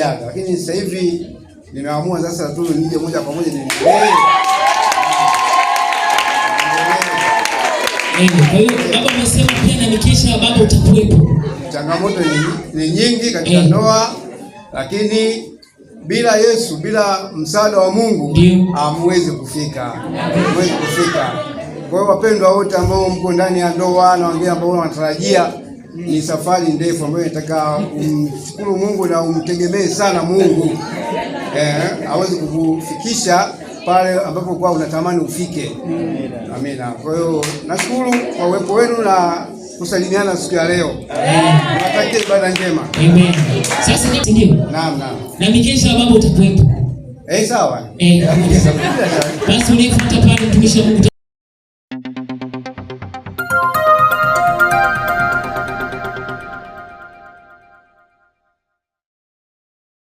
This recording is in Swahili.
kujaga, lakini sasa hivi nimeamua sasa tu nije moja kwa moja niendelee. Changamoto ni, ni nyingi katika eh. ndoa lakini bila Yesu, bila msaada wa Mungu hamwezi kufika, hamwezi kufika. Kwa hiyo wapendwa wote ambao mko ndani ya ndoa na wengine ambao wanatarajia ni safari ndefu ambayo inataka umshukuru Mungu na umtegemee sana Mungu. Eh, hawezi kukufikisha pale ambapo kwa unatamani ufike. Amina. Kwa hiyo nashukuru kwa uwepo wenu na kusalimiana siku ya leo. Natakia ibada njema. Amen. Sasa ndio. Naam, naam. Na mikesha baba utakuwepo. Eh, sawa. Eh. Basi unifuata pale mtumishi wa Mungu.